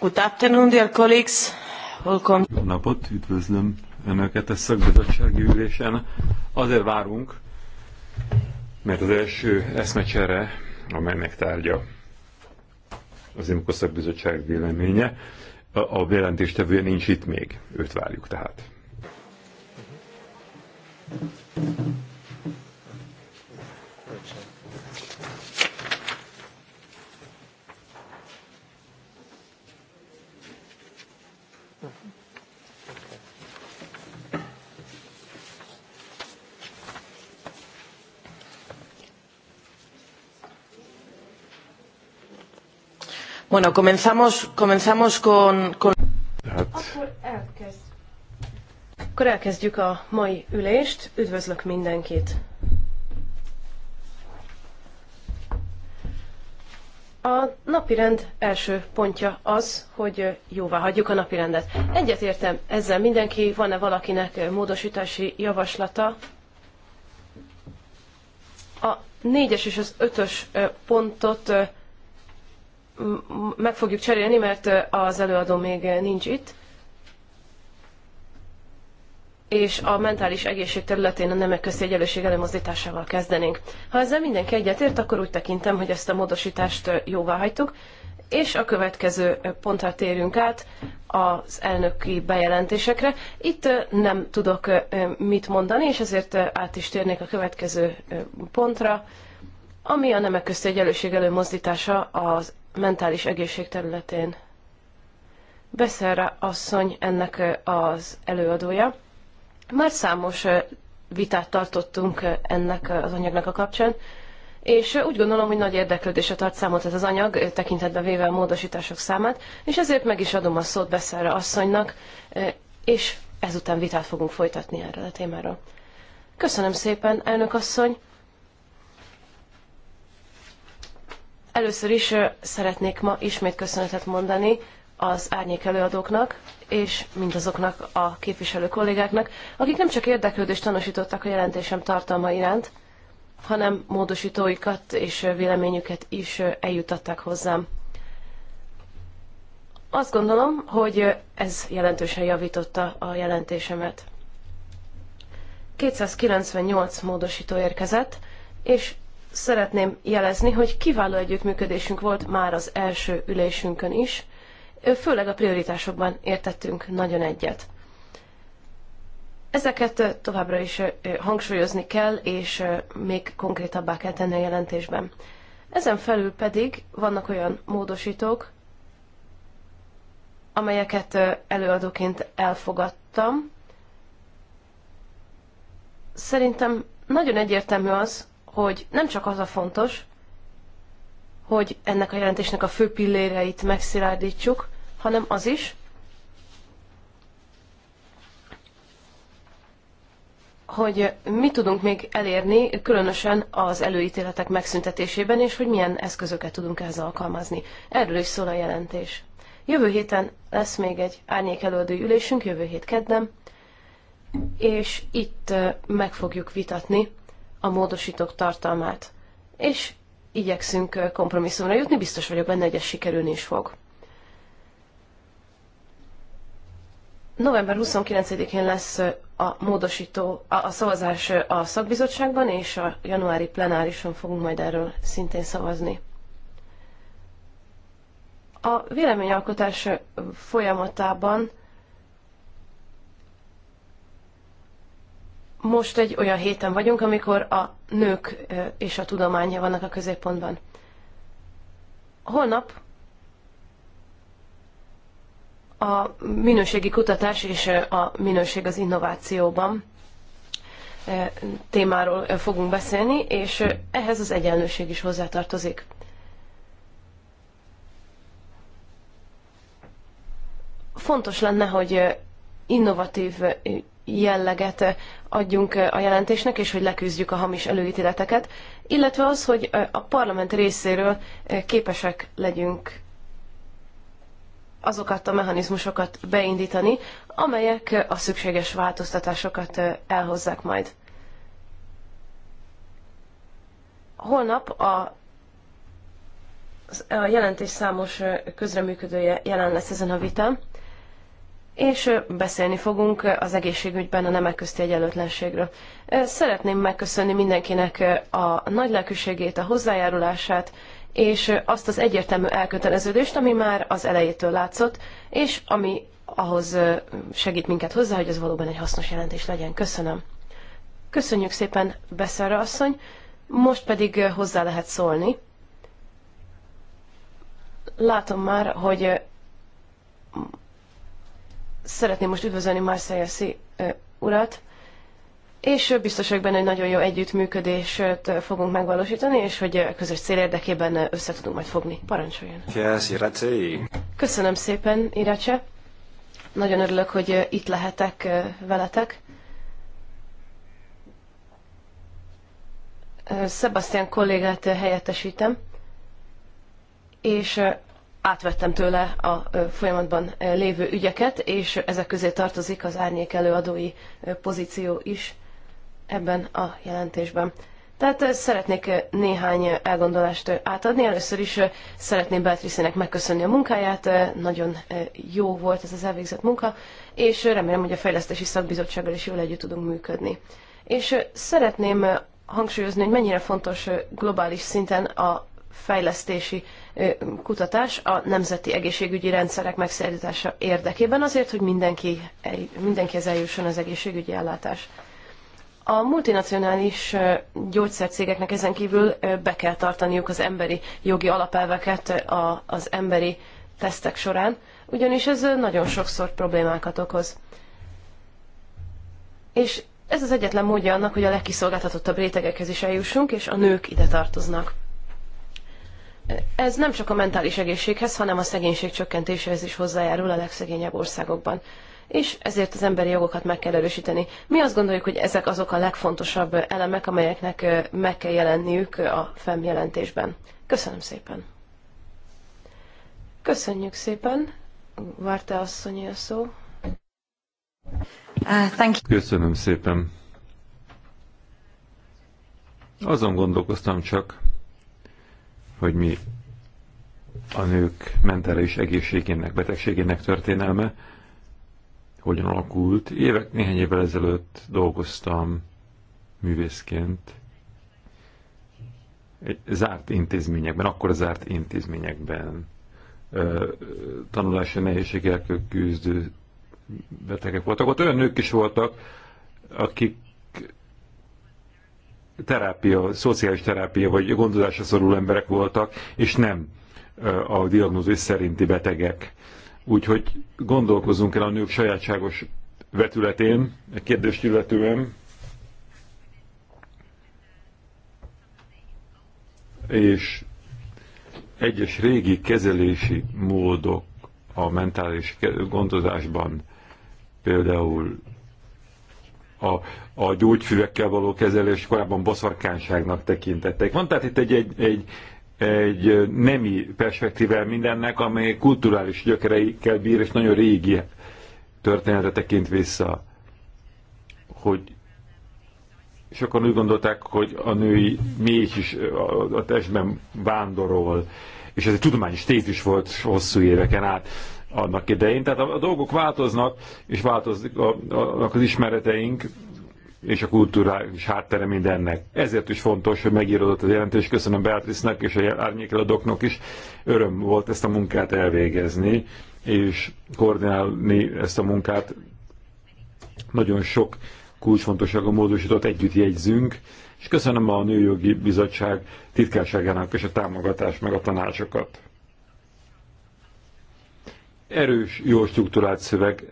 Good afternoon, dear colleagues. Welcome. Jó napot, üdvözlöm Önöket a szakbizottsági ülésen. Azért várunk, mert az első eszmecsere, amelynek tárgya az IMKO szakbizottság véleménye, a jelentéstevője nincs itt még, őt várjuk tehát. Thank you. Bueno, comenzamos, comenzamos con... con... Hát... Akkor, elkezdjük a mai ülést. Üdvözlök mindenkit! A napirend első pontja az, hogy jóvá hagyjuk a napirendet. Egyetértem ezzel mindenki, van-e valakinek módosítási javaslata? A négyes és az ötös pontot meg fogjuk cserélni, mert az előadó még nincs itt. És a mentális egészség területén a nemek közti egyenlőség előmozdításával kezdenénk. Ha ezzel mindenki egyetért, akkor úgy tekintem, hogy ezt a módosítást jóvá hagytuk, és a következő pontra térünk át az elnöki bejelentésekre. Itt nem tudok mit mondani, és ezért át is térnék a következő pontra, ami a nemek közti egyenlőség előmozdítása az mentális egészség területén. Beszerre asszony ennek az előadója. Már számos vitát tartottunk ennek az anyagnak a kapcsán, és úgy gondolom, hogy nagy érdeklődésre tart számot ez az anyag, tekintetben véve a módosítások számát, és ezért meg is adom a szót Beszerre asszonynak, és ezután vitát fogunk folytatni erről a témáról. Köszönöm szépen, elnök asszony! Először is szeretnék ma ismét köszönetet mondani az árnyék előadóknak, és mindazoknak a képviselő kollégáknak, akik nem csak érdeklődést tanúsítottak a jelentésem tartalma iránt, hanem módosítóikat és véleményüket is eljutatták hozzám. Azt gondolom, hogy ez jelentősen javította a jelentésemet. 298 módosító érkezett, és szeretném jelezni, hogy kiváló együttműködésünk volt már az első ülésünkön is, főleg a prioritásokban értettünk nagyon egyet. Ezeket továbbra is hangsúlyozni kell, és még konkrétabbá kell tenni a jelentésben. Ezen felül pedig vannak olyan módosítók, amelyeket előadóként elfogadtam. Szerintem nagyon egyértelmű az, hogy nem csak az a fontos, hogy ennek a jelentésnek a fő pilléreit megszilárdítsuk, hanem az is, hogy mit tudunk még elérni, különösen az előítéletek megszüntetésében, és hogy milyen eszközöket tudunk ehhez alkalmazni. Erről is szól a jelentés. Jövő héten lesz még egy árnyékelődő ülésünk, jövő hét kedden, és itt meg fogjuk vitatni a módosítók tartalmát, és igyekszünk kompromisszumra jutni, biztos vagyok benne, hogy ez sikerülni is fog. November 29-én lesz a módosító, a, a szavazás a szakbizottságban, és a januári plenárison fogunk majd erről szintén szavazni. A véleményalkotás folyamatában most egy olyan héten vagyunk, amikor a nők és a tudománya vannak a középpontban. Holnap a minőségi kutatás és a minőség az innovációban témáról fogunk beszélni, és ehhez az egyenlőség is hozzátartozik. Fontos lenne, hogy innovatív jelleget adjunk a jelentésnek, és hogy leküzdjük a hamis előítéleteket, illetve az, hogy a parlament részéről képesek legyünk azokat a mechanizmusokat beindítani, amelyek a szükséges változtatásokat elhozzák majd. Holnap a, a jelentés számos közreműködője jelen lesz ezen a vitán, és beszélni fogunk az egészségügyben a nemek közti egyenlőtlenségről. Szeretném megköszönni mindenkinek a nagy lelkűségét, a hozzájárulását, és azt az egyértelmű elköteleződést, ami már az elejétől látszott, és ami ahhoz segít minket hozzá, hogy ez valóban egy hasznos jelentés legyen. Köszönöm. Köszönjük szépen, Beszerre asszony. Most pedig hozzá lehet szólni. Látom már, hogy szeretném most üdvözölni Marseille Szi urat, és biztos vagyok benne, hogy nagyon jó együttműködést fogunk megvalósítani, és hogy közös cél érdekében össze tudunk majd fogni. Parancsoljon! Köszönöm szépen, Irace! Nagyon örülök, hogy itt lehetek veletek. Sebastian kollégát helyettesítem, és átvettem tőle a folyamatban lévő ügyeket, és ezek közé tartozik az árnyék előadói pozíció is ebben a jelentésben. Tehát szeretnék néhány elgondolást átadni. Először is szeretném Beatrice-nek megköszönni a munkáját. Nagyon jó volt ez az elvégzett munka, és remélem, hogy a Fejlesztési Szakbizottsággal is jól együtt tudunk működni. És szeretném hangsúlyozni, hogy mennyire fontos globális szinten a fejlesztési kutatás a nemzeti egészségügyi rendszerek megszerzése érdekében, azért, hogy mindenki, mindenkihez eljusson az egészségügyi ellátás. A multinacionális gyógyszercégeknek ezen kívül be kell tartaniuk az emberi jogi alapelveket az emberi tesztek során, ugyanis ez nagyon sokszor problémákat okoz. És ez az egyetlen módja annak, hogy a legkiszolgáltatottabb rétegekhez is eljussunk, és a nők ide tartoznak. Ez nem csak a mentális egészséghez, hanem a szegénység csökkentéséhez is hozzájárul a legszegényebb országokban. És ezért az emberi jogokat meg kell erősíteni. Mi azt gondoljuk, hogy ezek azok a legfontosabb elemek, amelyeknek meg kell jelenniük a FEM jelentésben. Köszönöm szépen! Köszönjük szépen! Várta asszony a szó. Uh, Köszönöm szépen! Azon gondolkoztam csak, hogy mi a nők mentális egészségének, betegségének történelme hogyan alakult. Évek, néhány évvel ezelőtt dolgoztam művészként egy zárt intézményekben, akkor zárt intézményekben tanulási nehézségekkel küzdő betegek voltak. Ott olyan nők is voltak, akik terápia, szociális terápia vagy gondozásra szorul emberek voltak, és nem a diagnózis szerinti betegek. Úgyhogy gondolkozunk el a nők sajátságos vetületén, egy kérdést illetően, és egyes régi kezelési módok a mentális gondozásban, például a, a gyógyfüvekkel való kezelés korábban boszorkánságnak tekintettek. Van tehát itt egy, egy, egy, egy nemi perspektível mindennek, amely kulturális gyökereikkel bír, és nagyon régi történetre tekint vissza. Hogy sokan úgy gondolták, hogy a női méh is a, a testben vándorol, és ez egy tudományos tézis volt hosszú éveken át annak idején. Tehát a, a dolgok változnak, és változnak a, az ismereteink, és a kulturális háttere mindennek. Ezért is fontos, hogy megírodott az jelentés. Köszönöm Beatrice-nek és a árnyékeladóknak is. Öröm volt ezt a munkát elvégezni, és koordinálni ezt a munkát. Nagyon sok kulcsfontosságú módosított együtt jegyzünk, és köszönöm a Nőjogi Bizottság titkárságának és a támogatást meg a tanácsokat erős, jó struktúrált szöveg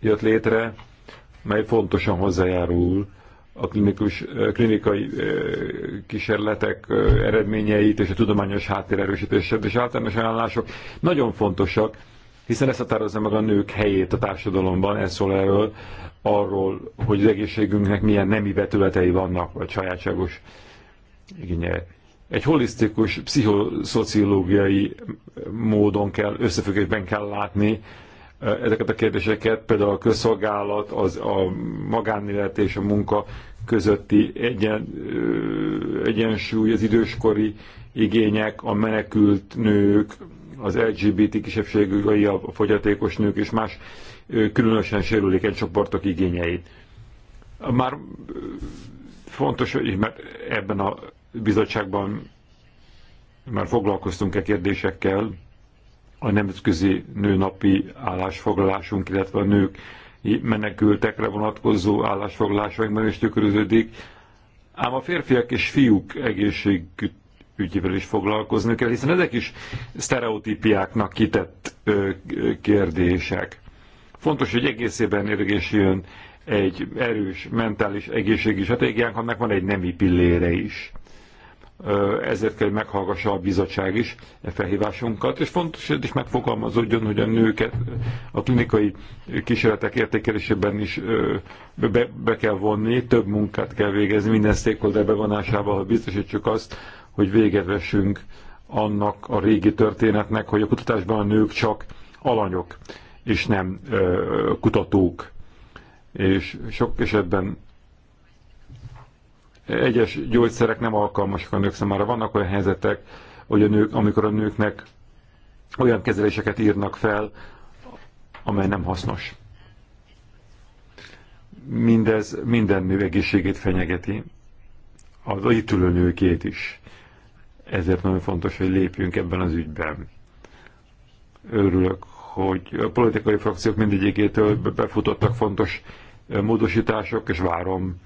jött létre, mely fontosan hozzájárul a klinikus, klinikai kísérletek eredményeit és a tudományos háttér erősítését és általános ajánlások nagyon fontosak, hiszen ezt határozza meg a nők helyét a társadalomban, ez szól erről, arról, hogy az egészségünknek milyen nemi vetületei vannak, vagy sajátságos igényei egy holisztikus, pszichoszociológiai módon kell, összefüggésben kell látni ezeket a kérdéseket, például a közszolgálat, az, a magánélet és a munka közötti egyen, egyensúly, az időskori igények, a menekült nők, az LGBT kisebbségű, a fogyatékos nők és más különösen sérülékeny csoportok igényeit. Már fontos, hogy mert ebben a bizottságban már foglalkoztunk e kérdésekkel, a nemzetközi nőnapi állásfoglalásunk, illetve a nők menekültekre vonatkozó állásfoglalásainkban is tükröződik, ám a férfiak és fiúk egészségügyével is foglalkozni kell, hiszen ezek is sztereotípiáknak kitett ö, kérdések. Fontos, hogy egészében érgésüljön egy erős mentális egészségi stratégiánk, annak van egy nemi pillére is ezért kell, hogy meghallgassa a bizottság is e felhívásunkat, és fontos, hogy is megfogalmazódjon, hogy a nőket a klinikai kísérletek értékelésében is be, be kell vonni, több munkát kell végezni minden stakeholder bevonásával, hogy biztosítsuk azt, hogy véget vessünk annak a régi történetnek, hogy a kutatásban a nők csak alanyok, és nem kutatók. És sok esetben egyes gyógyszerek nem alkalmasak a nők számára. Vannak olyan helyzetek, hogy a nők, amikor a nőknek olyan kezeléseket írnak fel, amely nem hasznos. Mindez minden nő egészségét fenyegeti, az itt ülő nőkét is. Ezért nagyon fontos, hogy lépjünk ebben az ügyben. Örülök, hogy a politikai frakciók mindegyikétől befutottak fontos módosítások, és várom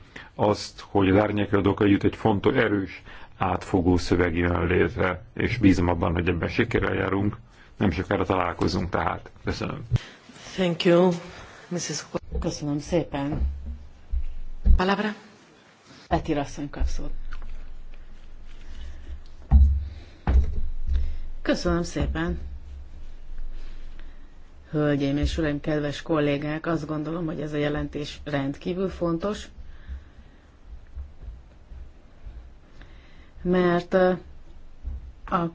azt, hogy az árnyékadók együtt egy fontos, erős, átfogó szöveg jön létre, és bízom abban, hogy ebben sikerrel járunk. Nem sokára találkozunk tehát. Köszönöm. Thank you, Mrs. Köszönöm szépen. Palabra? Peti Rasszony kapszót. Köszönöm szépen. Hölgyeim és uraim, kedves kollégák, azt gondolom, hogy ez a jelentés rendkívül fontos, mert a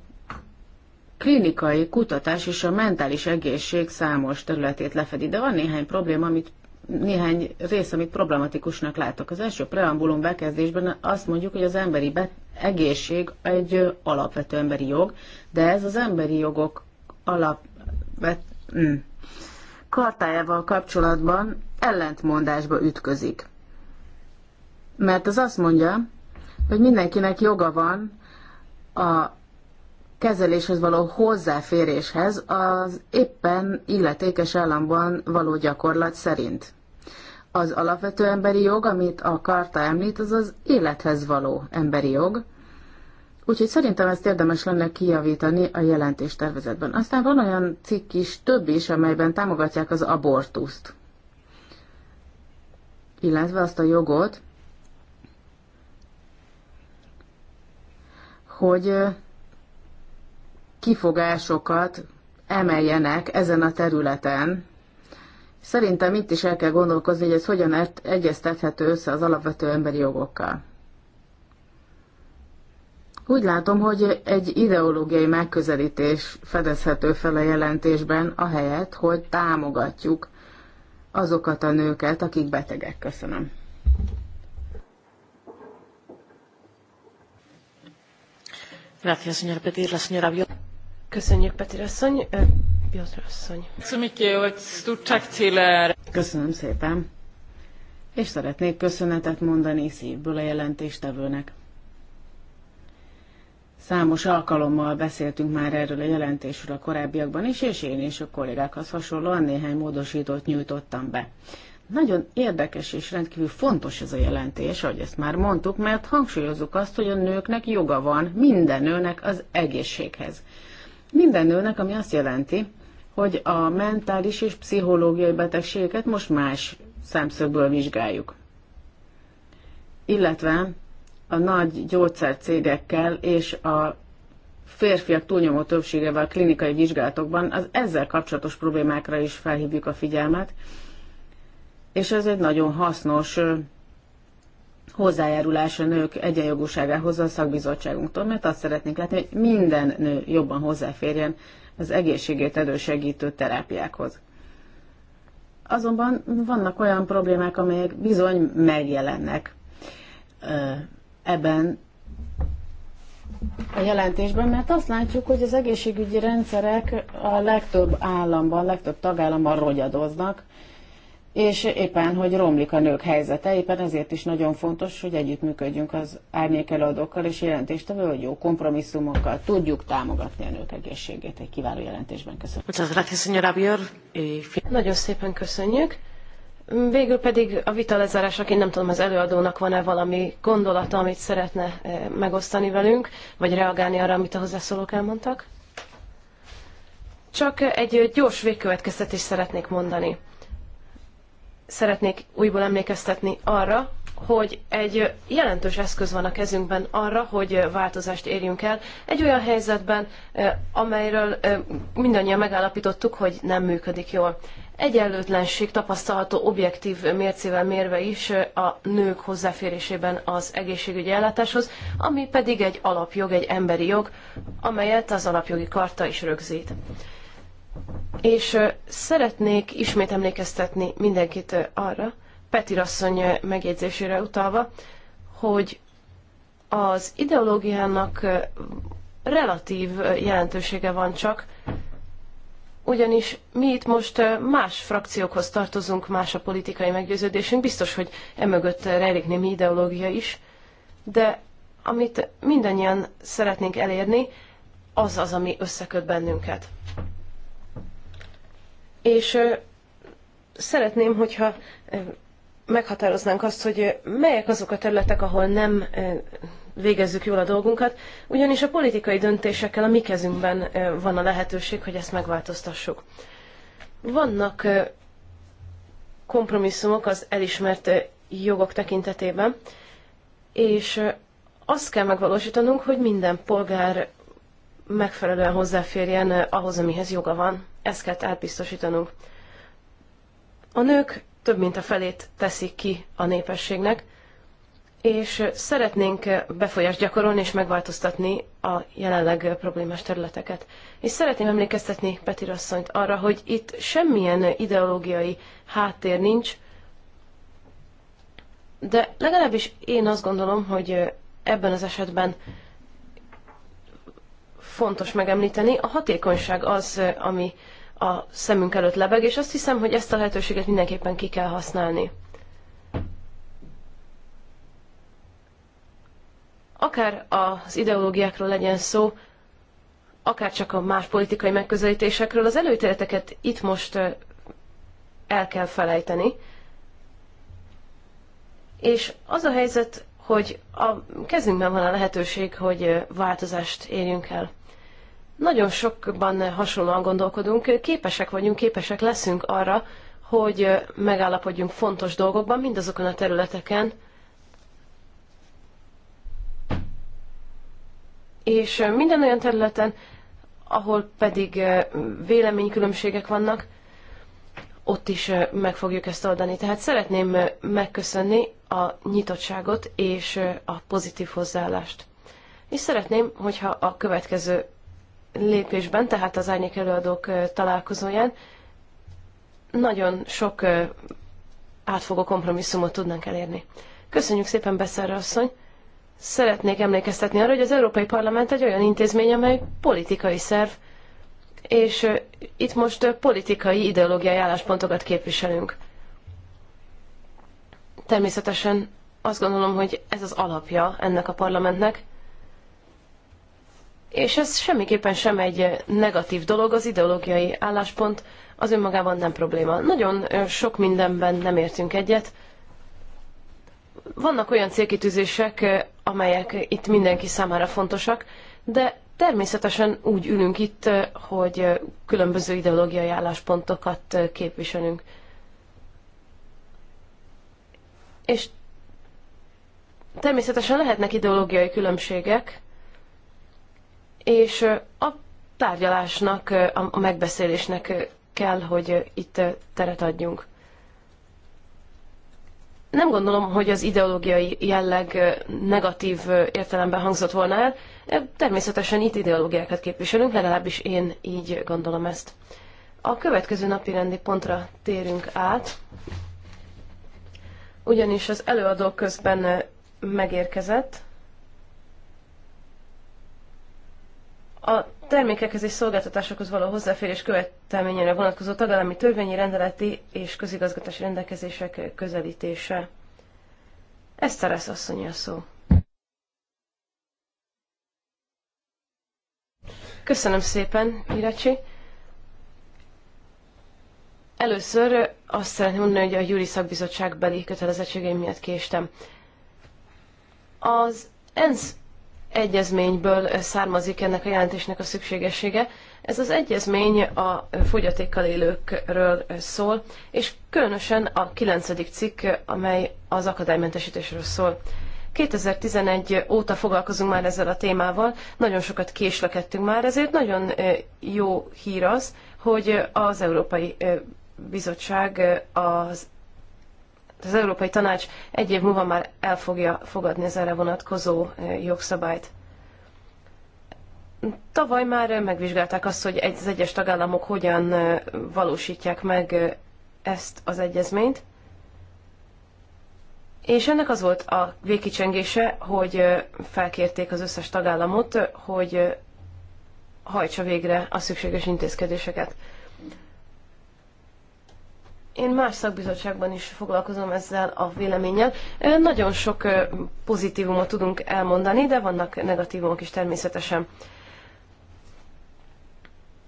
klinikai kutatás és a mentális egészség számos területét lefedi, de van néhány probléma, amit néhány rész, amit problematikusnak látok. Az első preambulum bekezdésben azt mondjuk, hogy az emberi be- egészség egy alapvető emberi jog, de ez az emberi jogok alapvet- mm. kartájával kapcsolatban ellentmondásba ütközik. Mert ez azt mondja, hogy mindenkinek joga van a kezeléshez való hozzáféréshez az éppen illetékes államban való gyakorlat szerint. Az alapvető emberi jog, amit a karta említ, az az élethez való emberi jog. Úgyhogy szerintem ezt érdemes lenne kijavítani a jelentés tervezetben. Aztán van olyan cikk is, több is, amelyben támogatják az abortuszt, illetve azt a jogot, hogy kifogásokat emeljenek ezen a területen. Szerintem itt is el kell gondolkozni, hogy ez hogyan egyeztethető össze az alapvető emberi jogokkal. Úgy látom, hogy egy ideológiai megközelítés fedezhető fel a jelentésben, ahelyett, hogy támogatjuk azokat a nőket, akik betegek. Köszönöm. Köszönjük, Petir asszony. Piotr asszony. Köszönöm szépen. És szeretnék köszönetet mondani szívből a jelentéstevőnek. Számos alkalommal beszéltünk már erről a jelentésről a korábbiakban is, és én és a kollégákhoz hasonlóan néhány módosítót nyújtottam be. Nagyon érdekes és rendkívül fontos ez a jelentés, ahogy ezt már mondtuk, mert hangsúlyozzuk azt, hogy a nőknek joga van minden nőnek az egészséghez. Minden nőnek, ami azt jelenti, hogy a mentális és pszichológiai betegségeket most más szemszögből vizsgáljuk. Illetve a nagy gyógyszercégekkel és a férfiak túlnyomó többségevel klinikai vizsgálatokban az ezzel kapcsolatos problémákra is felhívjuk a figyelmet, és ez egy nagyon hasznos hozzájárulás a nők egyenjogúságához a szakbizottságunktól, mert azt szeretnénk látni, hogy minden nő jobban hozzáférjen az egészségét elősegítő terápiákhoz. Azonban vannak olyan problémák, amelyek bizony megjelennek ebben a jelentésben, mert azt látjuk, hogy az egészségügyi rendszerek a legtöbb államban, legtöbb tagállamban rogyadoznak, és éppen, hogy romlik a nők helyzete, éppen ezért is nagyon fontos, hogy együttműködjünk az árnyékelőadókkal és jelentéstevő, hogy jó kompromisszumokkal tudjuk támogatni a nők egészségét. Egy kiváló jelentésben köszönöm. Eh, nagyon szépen köszönjük. Végül pedig a vita én nem tudom, az előadónak van-e valami gondolata, amit szeretne eh, megosztani velünk, vagy reagálni arra, amit a hozzászólók elmondtak? Csak egy gyors végkövetkeztetést szeretnék mondani szeretnék újból emlékeztetni arra, hogy egy jelentős eszköz van a kezünkben arra, hogy változást érjünk el egy olyan helyzetben, eh, amelyről eh, mindannyian megállapítottuk, hogy nem működik jól. Egyenlőtlenség tapasztalható objektív mércével mérve is eh, a nők hozzáférésében az egészségügyi ellátáshoz, ami pedig egy alapjog, egy emberi jog, amelyet az alapjogi karta is rögzít. És szeretnék ismét emlékeztetni mindenkit arra, Peti asszony megjegyzésére utalva, hogy az ideológiának relatív jelentősége van csak, ugyanis mi itt most más frakciókhoz tartozunk, más a politikai meggyőződésünk, biztos, hogy emögött rejlik némi ideológia is, de amit mindannyian szeretnénk elérni, az az, ami összeköt bennünket és szeretném, hogyha meghatároznánk azt, hogy melyek azok a területek, ahol nem végezzük jól a dolgunkat, ugyanis a politikai döntésekkel a mi kezünkben van a lehetőség, hogy ezt megváltoztassuk. Vannak kompromisszumok az elismert jogok tekintetében, és azt kell megvalósítanunk, hogy minden polgár megfelelően hozzáférjen ahhoz, amihez joga van ezt kell átbiztosítanunk. A nők több mint a felét teszik ki a népességnek, és szeretnénk befolyást gyakorolni és megváltoztatni a jelenleg problémás területeket. És szeretném emlékeztetni Peti Rasszonyt arra, hogy itt semmilyen ideológiai háttér nincs, de legalábbis én azt gondolom, hogy ebben az esetben fontos megemlíteni. A hatékonyság az, ami a szemünk előtt lebeg, és azt hiszem, hogy ezt a lehetőséget mindenképpen ki kell használni. Akár az ideológiákról legyen szó, akár csak a más politikai megközelítésekről, az előítéleteket itt most el kell felejteni. És az a helyzet, hogy a kezünkben van a lehetőség, hogy változást érjünk el. Nagyon sokban hasonlóan gondolkodunk, képesek vagyunk, képesek leszünk arra, hogy megállapodjunk fontos dolgokban, mindazokon a területeken, és minden olyan területen, ahol pedig véleménykülönbségek vannak, ott is meg fogjuk ezt oldani. Tehát szeretném megköszönni a nyitottságot és a pozitív hozzáállást. És szeretném, hogyha a következő lépésben, tehát az árnyék előadók találkozóján nagyon sok átfogó kompromisszumot tudnánk elérni. Köszönjük szépen, Beszerre asszony! Szeretnék emlékeztetni arra, hogy az Európai Parlament egy olyan intézmény, amely politikai szerv, és itt most politikai, ideológiai álláspontokat képviselünk. Természetesen azt gondolom, hogy ez az alapja ennek a parlamentnek, és ez semmiképpen sem egy negatív dolog, az ideológiai álláspont az önmagában nem probléma. Nagyon sok mindenben nem értünk egyet. Vannak olyan célkitűzések, amelyek itt mindenki számára fontosak, de Természetesen úgy ülünk itt, eh, hogy eh, különböző ideológiai álláspontokat eh, képviselünk. És természetesen lehetnek ideológiai különbségek, és a tárgyalásnak, a megbeszélésnek kell, hogy itt teret adjunk. Nem gondolom, hogy az ideológiai jelleg negatív értelemben hangzott volna el, Természetesen itt ideológiákat képviselünk, legalábbis én így gondolom ezt. A következő napi rendi pontra térünk át, ugyanis az előadó közben megérkezett. A termékekhez és szolgáltatásokhoz való hozzáférés követelményére vonatkozó tagállami törvényi rendeleti és közigazgatási rendelkezések közelítése. Ezt Szeresz asszony a szó. Köszönöm szépen, Irecsi. Először azt szeretném mondani, hogy a Júri Szakbizottság beli kötelezettségeim miatt késtem. Az ENSZ egyezményből származik ennek a jelentésnek a szükségessége. Ez az egyezmény a fogyatékkal élőkről szól, és különösen a kilencedik cikk, amely az akadálymentesítésről szól. 2011 óta foglalkozunk már ezzel a témával, nagyon sokat késlekedtünk már, ezért nagyon jó hír az, hogy az Európai Bizottság az az Európai Tanács egy év múlva már el fogja fogadni az erre vonatkozó jogszabályt. Tavaly már megvizsgálták azt, hogy az egyes tagállamok hogyan valósítják meg ezt az egyezményt, és ennek az volt a végkicsengése, hogy felkérték az összes tagállamot, hogy hajtsa végre a szükséges intézkedéseket. Én más szakbizottságban is foglalkozom ezzel a véleménnyel. Nagyon sok pozitívumot tudunk elmondani, de vannak negatívumok is természetesen.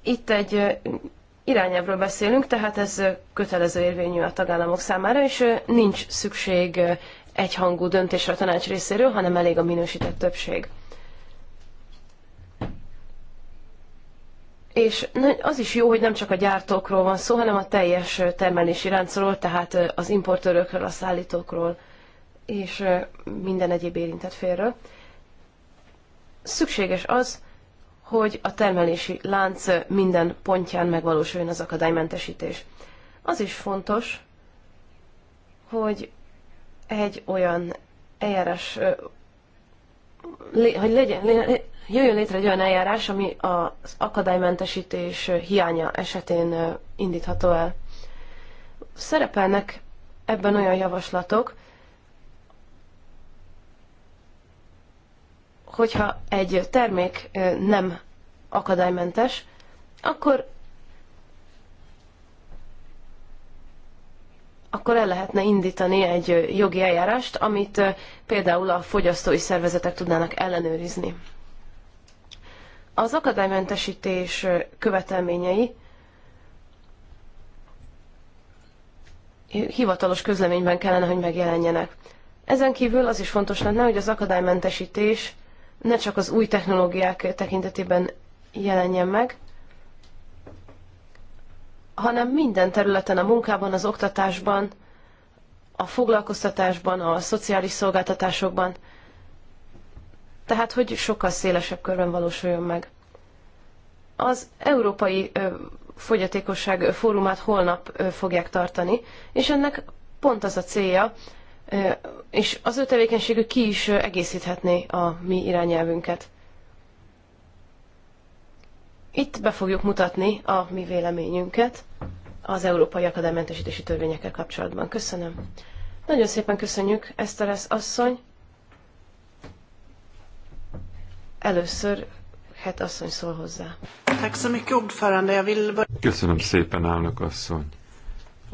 Itt egy irányelvről beszélünk, tehát ez kötelező érvényű a tagállamok számára, és nincs szükség egyhangú döntésre a tanács részéről, hanem elég a minősített többség. És az is jó, hogy nem csak a gyártókról van szó, hanem a teljes termelési láncról, tehát az importőrökről, a szállítókról és minden egyéb érintett félről. Szükséges az, hogy a termelési lánc minden pontján megvalósuljon az akadálymentesítés. Az is fontos, hogy egy olyan eljárás, hogy legyen, jöjjön létre egy olyan eljárás, ami az akadálymentesítés hiánya esetén indítható el. Szerepelnek ebben olyan javaslatok, hogyha egy termék nem akadálymentes, akkor akkor el lehetne indítani egy jogi eljárást, amit például a fogyasztói szervezetek tudnának ellenőrizni. Az akadálymentesítés követelményei hivatalos közleményben kellene, hogy megjelenjenek. Ezen kívül az is fontos lenne, hogy az akadálymentesítés ne csak az új technológiák tekintetében jelenjen meg, hanem minden területen, a munkában, az oktatásban, a foglalkoztatásban, a szociális szolgáltatásokban. Tehát, hogy sokkal szélesebb körben valósuljon meg. Az Európai Fogyatékosság Fórumát holnap fogják tartani, és ennek pont az a célja, és az ő tevékenységük ki is egészíthetné a mi irányelvünket. Itt be fogjuk mutatni a mi véleményünket az Európai Akadálymentesítési Törvényekkel kapcsolatban. Köszönöm. Nagyon szépen köszönjük, Ezt lesz asszony. Először Hát asszony szól hozzá. Köszönöm szépen, elnök asszony.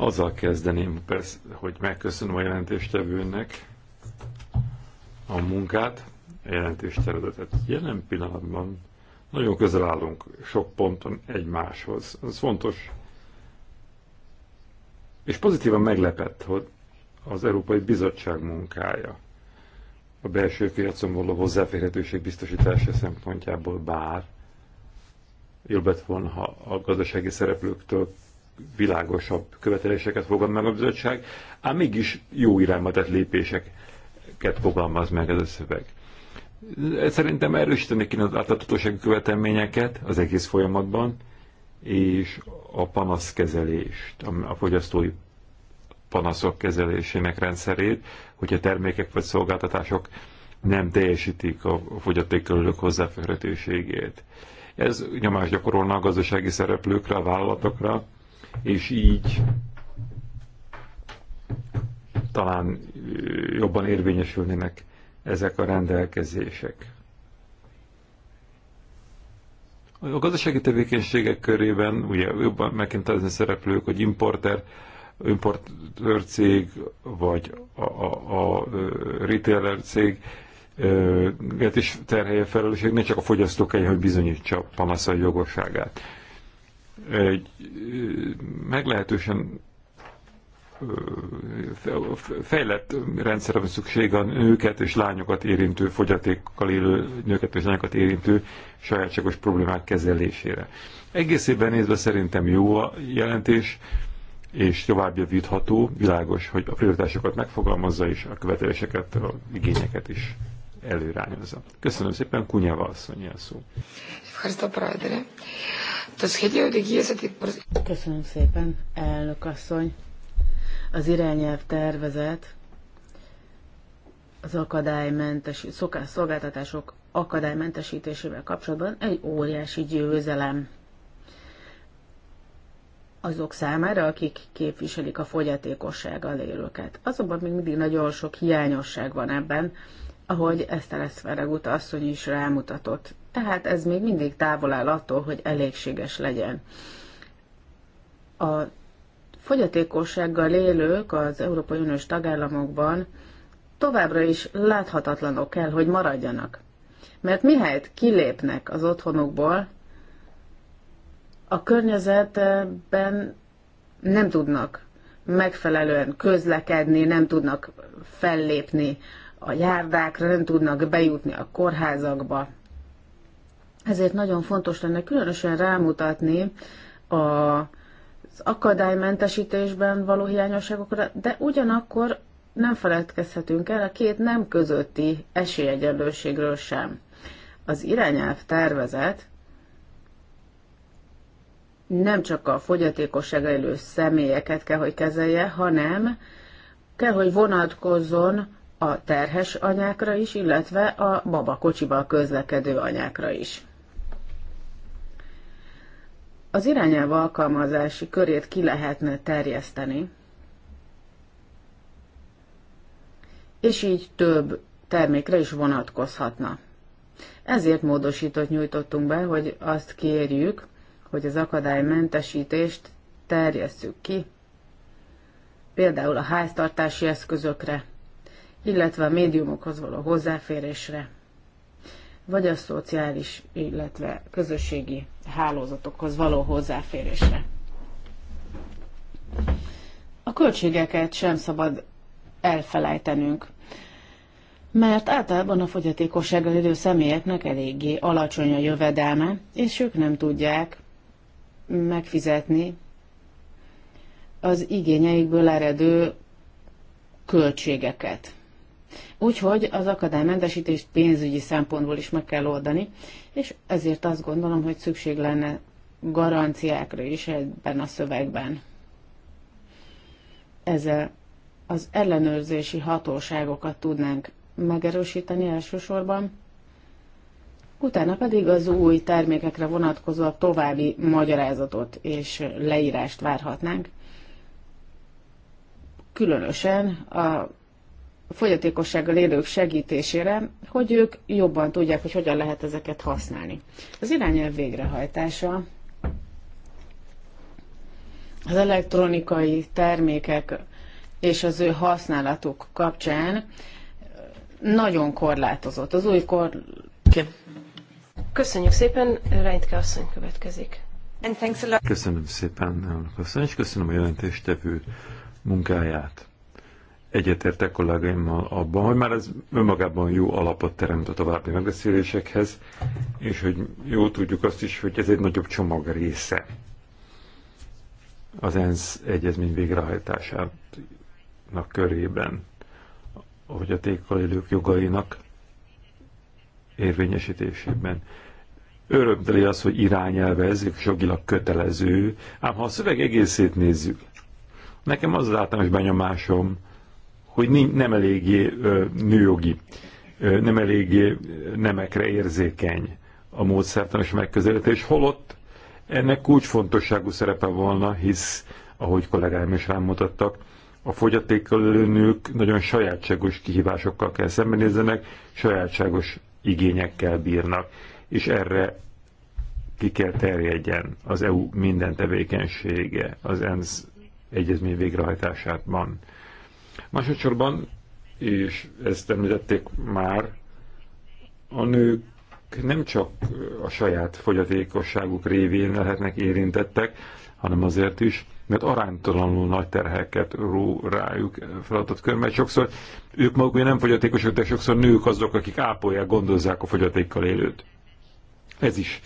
Azzal kezdeném persze, hogy megköszönöm a jelentéstevőnek a munkát, a jelentésterületet. Jelen pillanatban nagyon közel állunk sok ponton egymáshoz. Ez fontos. És pozitívan meglepett, hogy az Európai Bizottság munkája a belső piacon való hozzáférhetőség biztosítása szempontjából bár jobb lett volna, ha a gazdasági szereplőktől világosabb követeléseket fogad meg a bizottság, ám mégis jó irányba tett lépéseket fogalmaz meg ez a szöveg. Szerintem erősíteni kéne az átláthatósági követelményeket az egész folyamatban, és a panaszkezelést, a fogyasztói panaszok kezelésének rendszerét, hogyha termékek vagy szolgáltatások nem teljesítik a fogyatékkelők hozzáférhetőségét. Ez nyomást gyakorolna a gazdasági szereplőkre, a vállalatokra, és így talán jobban érvényesülnének ezek a rendelkezések. A gazdasági tevékenységek körében ugye jobban az szereplők, hogy importer, importőr cég, vagy a, a, a retailer cég, őket is terhelye felelősség, ne csak a fogyasztók kell, hogy bizonyítsa panaszai jogosságát egy meglehetősen fejlett rendszerre van szüksége a nőket és lányokat érintő, fogyatékkal élő nőket és lányokat érintő sajátságos problémák kezelésére. Egészében nézve szerintem jó a jelentés, és tovább javítható, világos, hogy a prioritásokat megfogalmazza, és a követeléseket, a igényeket is előrányozza. Köszönöm szépen, Kunyava asszony a szó. Köszönöm szépen, elnök asszony. Az irányelv tervezet az akadálymentes szokás, szolgáltatások akadálymentesítésével kapcsolatban egy óriási győzelem azok számára, akik képviselik a fogyatékossággal élőket. Azonban még mindig nagyon sok hiányosság van ebben, ahogy Eszteres Fereguta asszony is rámutatott. Tehát ez még mindig távol áll attól, hogy elégséges legyen. A fogyatékossággal élők az Európai Uniós tagállamokban továbbra is láthatatlanok kell, hogy maradjanak. Mert mihelyt kilépnek az otthonukból, a környezetben nem tudnak megfelelően közlekedni, nem tudnak fellépni a járdákra, nem tudnak bejutni a kórházakba. Ezért nagyon fontos lenne különösen rámutatni a, az akadálymentesítésben való hiányosságokra, de ugyanakkor nem feledkezhetünk el a két nem közötti esélyegyenlőségről sem. Az irányelv tervezet nem csak a fogyatékosság élő személyeket kell, hogy kezelje, hanem kell, hogy vonatkozzon a terhes anyákra is, illetve a baba kocsival közlekedő anyákra is. Az irányelv alkalmazási körét ki lehetne terjeszteni, és így több termékre is vonatkozhatna. Ezért módosított nyújtottunk be, hogy azt kérjük, hogy az akadálymentesítést terjesszük ki, például a háztartási eszközökre, illetve a médiumokhoz való hozzáférésre, vagy a szociális, illetve közösségi hálózatokhoz való hozzáférésre. A költségeket sem szabad elfelejtenünk, mert általában a fogyatékossággal idő személyeknek eléggé alacsony a jövedelme, és ők nem tudják megfizetni az igényeikből eredő költségeket. Úgyhogy az akadálymentesítést pénzügyi szempontból is meg kell oldani, és ezért azt gondolom, hogy szükség lenne garanciákra is ebben a szövegben. Ezzel az ellenőrzési hatóságokat tudnánk megerősíteni elsősorban, utána pedig az új termékekre vonatkozó további magyarázatot és leírást várhatnánk, különösen a fogyatékossággal élők segítésére, hogy ők jobban tudják, hogy hogyan lehet ezeket használni. Az irányelv végrehajtása az elektronikai termékek és az ő használatuk kapcsán nagyon korlátozott. Az új kor... Köszönjük szépen, Reintke asszony következik. Köszönöm szépen, elnök asszony, és köszönöm a jelentéstevő munkáját egyetértek kollégáimmal abban, hogy már ez önmagában jó alapot teremt a további megbeszélésekhez, és hogy jó tudjuk azt is, hogy ez egy nagyobb csomag része az ENSZ egyezmény végrehajtásának körében, hogy a fogyatékkal élők jogainak érvényesítésében. Örömteli az, hogy irányelvez, és jogilag kötelező, ám ha a szöveg egészét nézzük, nekem az az általános benyomásom, hogy nem eléggé nőjogi, nem eléggé nemekre érzékeny a módszertanos megközelítés, holott ennek kulcsfontosságú szerepe volna, hisz, ahogy kollégáim is rámutattak, a fogyatékkal nők nagyon sajátságos kihívásokkal kell szembenézzenek, sajátságos igényekkel bírnak, és erre ki kell terjedjen az EU minden tevékenysége az ENSZ egyezmény végrehajtásában. Másodszorban, és ezt említették már, a nők nem csak a saját fogyatékosságuk révén lehetnek érintettek, hanem azért is, mert aránytalanul nagy terheket ró rájuk feladatkör, mert sokszor ők maguk nem fogyatékosok, de sokszor nők azok, akik ápolják, gondozzák a fogyatékkal élőt. Ez is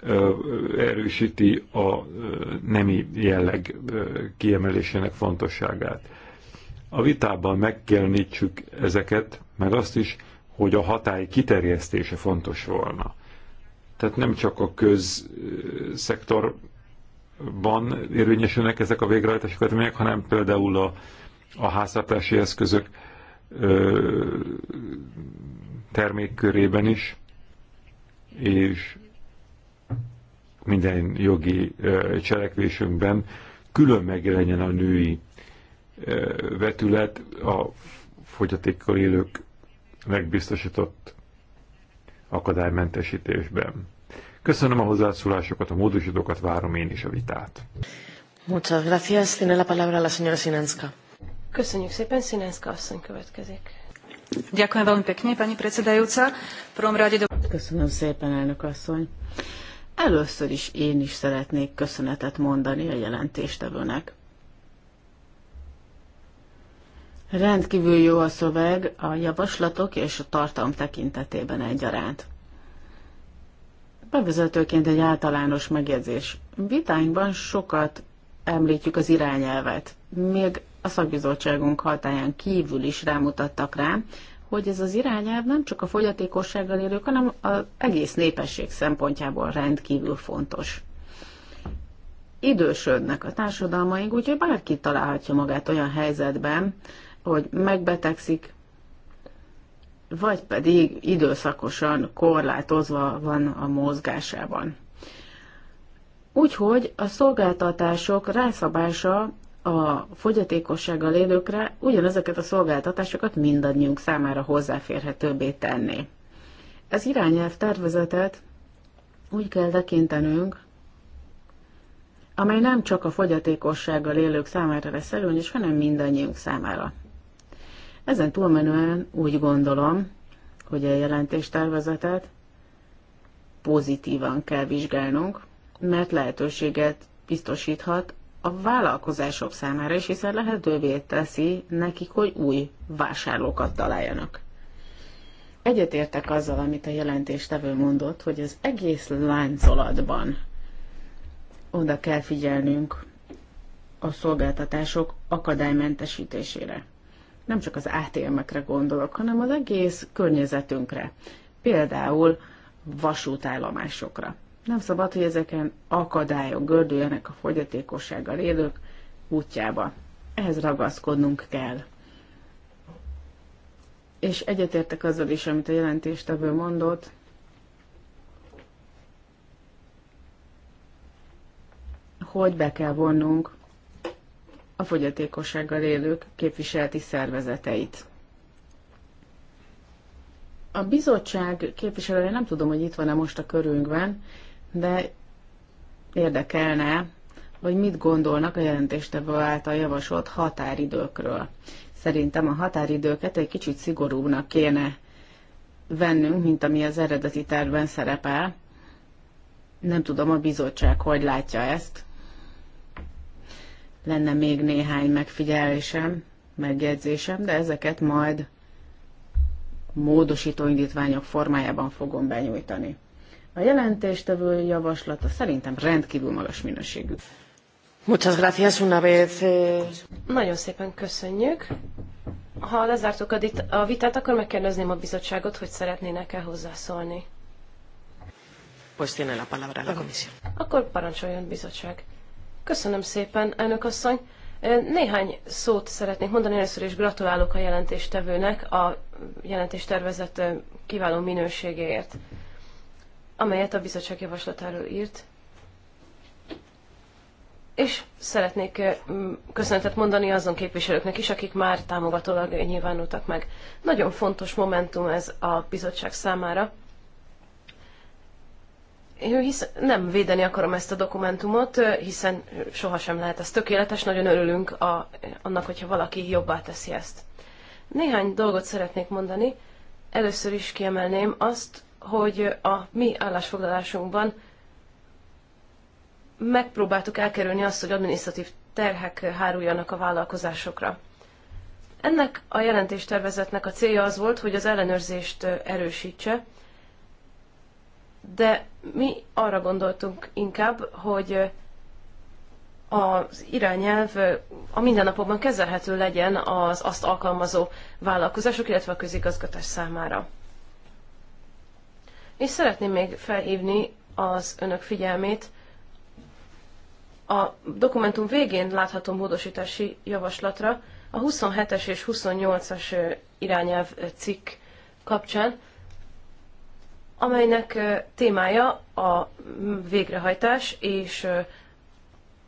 ö, erősíti a ö, nemi jelleg ö, kiemelésének fontosságát. A vitában meg kell nyitsük ezeket, meg azt is, hogy a hatály kiterjesztése fontos volna. Tehát nem csak a közszektorban érvényesülnek ezek a végrehajtási kötvények, hanem például a, a háztartási eszközök ö, termékkörében is, és minden jogi cselekvésünkben külön megjelenjen a női vetület a fogyatékkal élők megbiztosított akadálymentesítésben. Köszönöm a hozzászólásokat, a módosítókat, várom én is a vitát. Muchas gracias. Tiene la palabra la señora Köszönjük szépen, Sinanska asszony következik. Ďakujem veľmi pekne, pani predsedajúca. prvom rade... Do... Köszönöm szépen, elnök asszony. Először is én is szeretnék köszönetet mondani a jelentéstevőnek. Rendkívül jó a szöveg a javaslatok és a tartalom tekintetében egyaránt. Bevezetőként egy általános megjegyzés. Vitáinkban sokat említjük az irányelvet. Még a szakbizottságunk hatáján kívül is rámutattak rá, hogy ez az irányelv nem csak a fogyatékossággal élők, hanem az egész népesség szempontjából rendkívül fontos. Idősödnek a társadalmaink, úgyhogy bárki találhatja magát olyan helyzetben, hogy megbetegszik, vagy pedig időszakosan korlátozva van a mozgásában. Úgyhogy a szolgáltatások rászabása a fogyatékossággal élőkre ugyanezeket a szolgáltatásokat mindannyiunk számára hozzáférhetőbbé tenni. Ez irányelv tervezetet úgy kell tekintenünk, amely nem csak a fogyatékossággal élők számára lesz előnyös, hanem mindannyiunk számára. Ezen túlmenően úgy gondolom, hogy a jelentéstervezetet pozitívan kell vizsgálnunk, mert lehetőséget biztosíthat a vállalkozások számára is, hiszen lehetővé teszi nekik, hogy új vásárlókat találjanak. Egyetértek azzal, amit a jelentéstevő mondott, hogy az egész láncolatban oda kell figyelnünk a szolgáltatások akadálymentesítésére nem csak az ATM-ekre gondolok, hanem az egész környezetünkre. Például vasútállomásokra. Nem szabad, hogy ezeken akadályok gördüljenek a fogyatékossággal élők útjába. Ehhez ragaszkodnunk kell. És egyetértek azzal is, amit a jelentéstevő mondott, hogy be kell vonnunk a fogyatékossággal élők képviseleti szervezeteit. A bizottság képviselője nem tudom, hogy itt van-e most a körünkben, de érdekelne, hogy mit gondolnak a jelentéstevő által javasolt határidőkről. Szerintem a határidőket egy kicsit szigorúbbnak kéne vennünk, mint ami az eredeti tervben szerepel. Nem tudom, a bizottság hogy látja ezt. Lenne még néhány megfigyelésem, megjegyzésem, de ezeket majd módosító indítványok formájában fogom benyújtani. A jelentéstevő javaslata szerintem rendkívül magas minőségű. Muchas gracias una vez. Eh. Nagyon szépen köszönjük. Ha lezártuk a, dit- a vitát, akkor megkérdezném a bizottságot, hogy szeretnének-e hozzászólni. Pues tiene la palabra la comisión. Akkor parancsoljon bizottság. Köszönöm szépen, elnök asszony. Néhány szót szeretnék mondani, először is gratulálok a jelentéstevőnek a jelentéstervezet kiváló minőségéért, amelyet a bizottság javaslatáról írt. És szeretnék köszönetet mondani azon képviselőknek is, akik már támogatólag nyilvánultak meg. Nagyon fontos momentum ez a bizottság számára hisz, nem védeni akarom ezt a dokumentumot, hiszen sohasem lehet ez tökéletes, nagyon örülünk a, annak, hogyha valaki jobbá teszi ezt. Néhány dolgot szeretnék mondani. Először is kiemelném azt, hogy a mi állásfoglalásunkban megpróbáltuk elkerülni azt, hogy adminisztratív terhek háruljanak a vállalkozásokra. Ennek a jelentéstervezetnek a célja az volt, hogy az ellenőrzést erősítse, de mi arra gondoltunk inkább, hogy az irányelv a mindennapokban kezelhető legyen az azt alkalmazó vállalkozások, illetve a közigazgatás számára. És szeretném még felhívni az önök figyelmét a dokumentum végén látható módosítási javaslatra a 27-es és 28-as irányelv cikk kapcsán, amelynek témája a végrehajtás és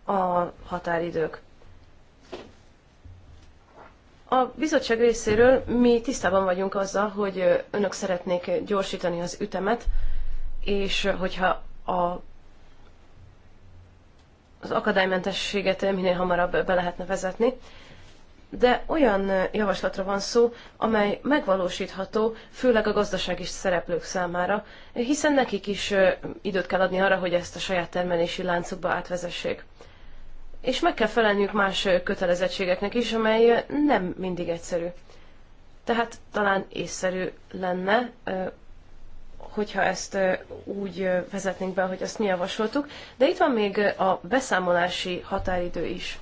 a határidők. A bizottság részéről mi tisztában vagyunk azzal, hogy önök szeretnék gyorsítani az ütemet, és hogyha a, az akadálymentességet minél hamarabb be lehetne vezetni de olyan javaslatra van szó, amely megvalósítható, főleg a gazdasági szereplők számára, hiszen nekik is időt kell adni arra, hogy ezt a saját termelési láncukba átvezessék. És meg kell felelniük más kötelezettségeknek is, amely nem mindig egyszerű. Tehát talán észszerű lenne, hogyha ezt úgy vezetnénk be, hogy azt mi javasoltuk, de itt van még a beszámolási határidő is.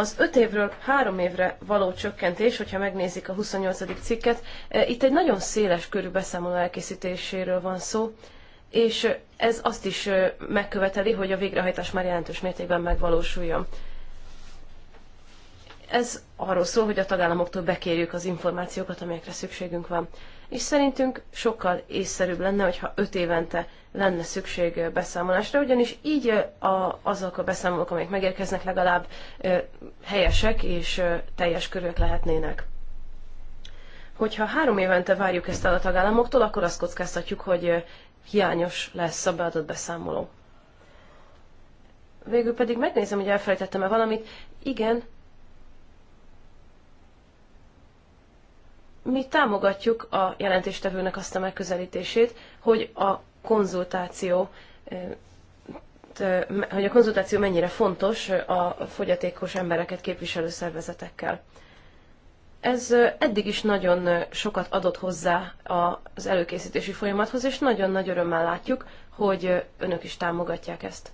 Az 5 évről 3 évre való csökkentés, hogyha megnézik a 28. cikket, e, itt egy nagyon széles körű beszámoló elkészítéséről van szó, és ez azt is e, megköveteli, hogy a végrehajtás már jelentős mértékben megvalósuljon. Ez arról szól, hogy a tagállamoktól bekérjük az információkat, amelyekre szükségünk van és szerintünk sokkal észszerűbb lenne, hogyha öt évente lenne szükség beszámolásra, ugyanis így a, azok a beszámolók, amelyek megérkeznek, legalább helyesek és teljes körök lehetnének hogyha három évente várjuk ezt el a tagállamoktól, akkor azt kockáztatjuk, hogy hiányos lesz a beadott beszámoló. Végül pedig megnézem, hogy elfelejtettem-e valamit. Igen, mi támogatjuk a jelentéstevőnek azt a megközelítését, hogy a konzultáció hogy a konzultáció mennyire fontos a fogyatékos embereket képviselő szervezetekkel. Ez eddig is nagyon sokat adott hozzá az előkészítési folyamathoz, és nagyon nagy örömmel látjuk, hogy önök is támogatják ezt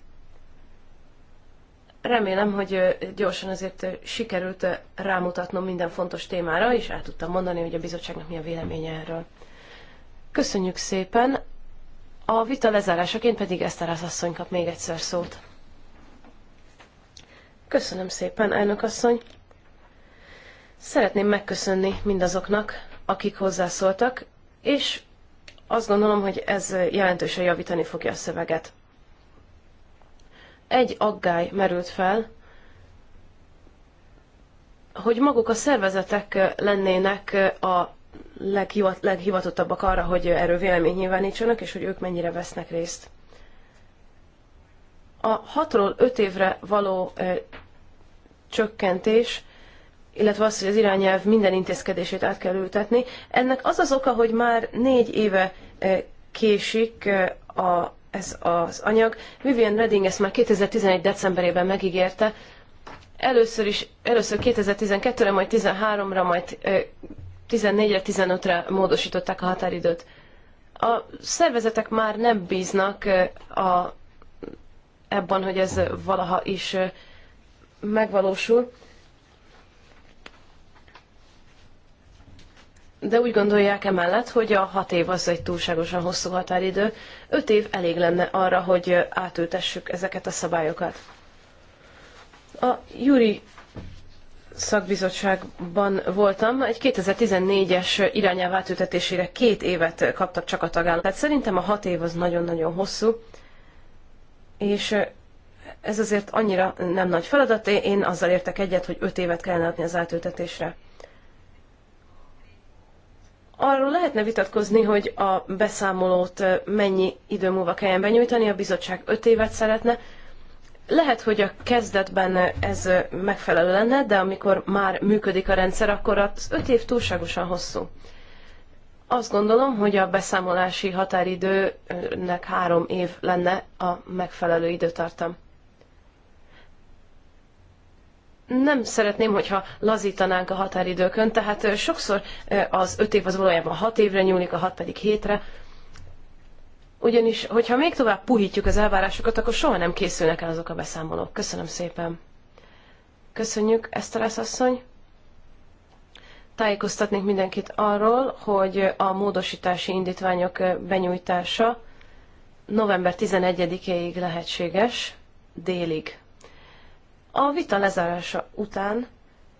remélem, hogy gyorsan azért sikerült rámutatnom minden fontos témára, és el tudtam mondani, hogy a bizottságnak mi a véleménye erről. Köszönjük szépen! A vita lezárásaként pedig Eszter az asszony kap még egyszer szót. Köszönöm szépen, elnök asszony! Szeretném megköszönni mindazoknak, akik hozzászóltak, és azt gondolom, hogy ez jelentősen javítani fogja a szöveget egy aggály merült fel, hogy maguk a szervezetek lennének a leghivatottabbak arra, hogy erről vélemény nyilvánítsanak, és hogy ők mennyire vesznek részt. A 6-ról 5 évre való ö, csökkentés, illetve az, hogy az irányelv minden intézkedését át kell ültetni, ennek az az oka, hogy már négy éve ö, késik ö, a ez az anyag. Vivian Redding ezt már 2011. decemberében megígérte. Először is, először 2012-re, majd 13-ra, majd 14-re, 15-re módosították a határidőt. A szervezetek már nem bíznak a, ebben, hogy ez valaha is megvalósul. De úgy gondolják emellett, hogy a hat év az egy túlságosan hosszú határidő, öt év elég lenne arra, hogy átültessük ezeket a szabályokat. A Júri szakbizottságban voltam, egy 2014-es irányelv átültetésére két évet kaptak csak a tagállam. Tehát szerintem a hat év az nagyon-nagyon hosszú, és ez azért annyira nem nagy feladat, én azzal értek egyet, hogy öt évet kellene adni az átültetésre. Arról lehetne vitatkozni, hogy a beszámolót mennyi idő múlva kelljen benyújtani, a bizottság öt évet szeretne. Lehet, hogy a kezdetben ez megfelelő lenne, de amikor már működik a rendszer, akkor az öt év túlságosan hosszú. Azt gondolom, hogy a beszámolási határidőnek három év lenne a megfelelő időtartam nem szeretném, hogyha lazítanánk a határidőkön, tehát sokszor az öt év az valójában hat évre nyúlik, a hat pedig hétre. Ugyanis, hogyha még tovább puhítjuk az elvárásokat, akkor soha nem készülnek el azok a beszámolók. Köszönöm szépen. Köszönjük, Eszterász asszony. Tájékoztatnék mindenkit arról, hogy a módosítási indítványok benyújtása november 11-éig lehetséges, délig. A vita lezárása után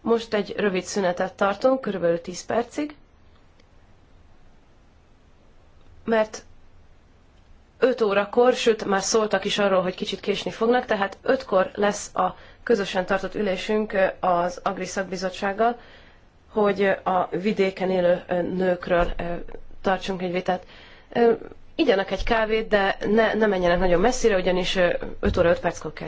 most egy rövid szünetet tartunk, körülbelül 10 percig, mert 5 órakor, sőt már szóltak is arról, hogy kicsit késni fognak, tehát 5-kor lesz a közösen tartott ülésünk az Agri Szakbizottsággal, hogy a vidéken élő nőkről tartsunk egy vitát. Igyanak egy kávét, de ne, ne menjenek nagyon messzire, ugyanis 5 óra 5 perckor kell